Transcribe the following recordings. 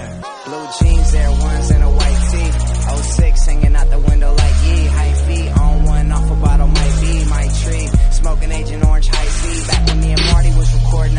yeah. Blue jeans, Air Ones, and a white tee. 06 hanging out the window like ye. High feet on one, off a bottle might be my tree. Smoking Agent Orange, high C. Back when me and Marty was recording,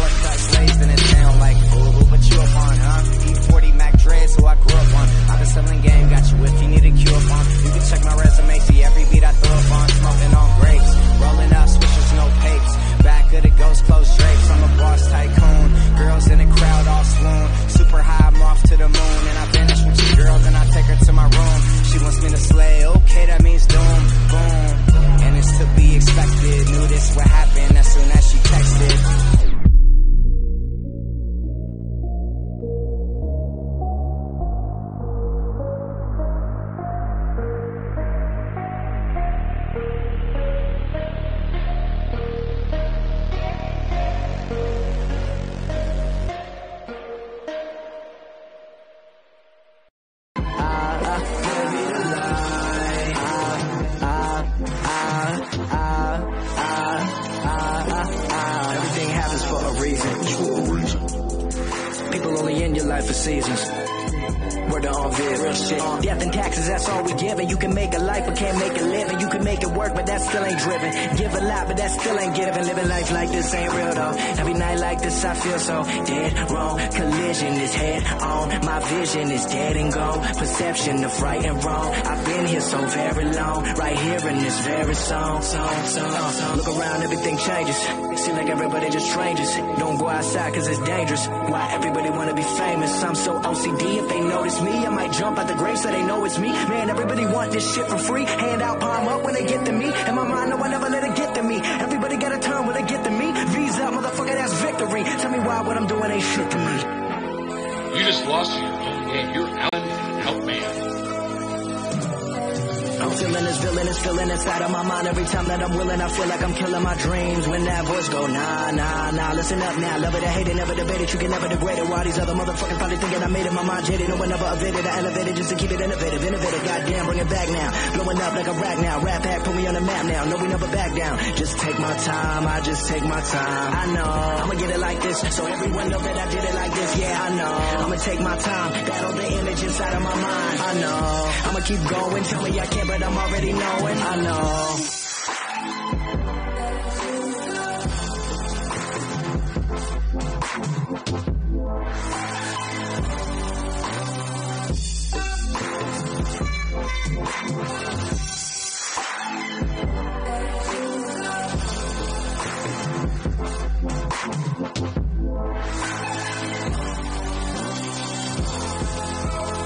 Like cuts raised in his happens for a reason. People only in your life for seasons. Word on Viv, real shit. Death and taxes, that's all we giving. You can make a life, but can't make a living. You can make it work, but that still ain't driven. Give a lot, but that still ain't giving. Living life like this ain't real though. Every night like this, I feel so dead wrong. Collision is head on. My vision is dead and gone. Perception of right and wrong. I've been here so very long. Right here in this very song. song, song, song. Look around, everything changes. Seem like everybody just strangers. Don't go outside cause it's dangerous. Why everybody wanna be famous? I'm so OCD if they notice me. I might jump at the grave so they know it's me. Man, everybody want this shit for free. Hand out, palm up when they get to me. And my mind, no, I never let it get to me. Everybody got a turn when they get to me. Visa, motherfucker, that's victory. Tell me why what I'm doing ain't shit to me. You just lost your own game. You're out. I'm feeling this villain, this feeling inside of my mind. Every time that I'm willing, I feel like I'm killing my dreams. When that voice go, nah, nah, nah, listen up now. Love it or hate it, never debate it. You can never degrade it. While these other motherfuckers probably thinking I made it, my mind jaded. No one ever evaded. I elevated just to keep it innovative. Innovative, goddamn, bring it back now. Blowing up like a rag now. Rap pack, put me on the map now. No, we never back down. Just take my time, I just take my time. I know, I'ma get it like this. So everyone know that I did it like I know. I'ma take my time, battle the image inside of my mind. I know. I'ma keep going, tell me I can't, but I'm already knowing. I know.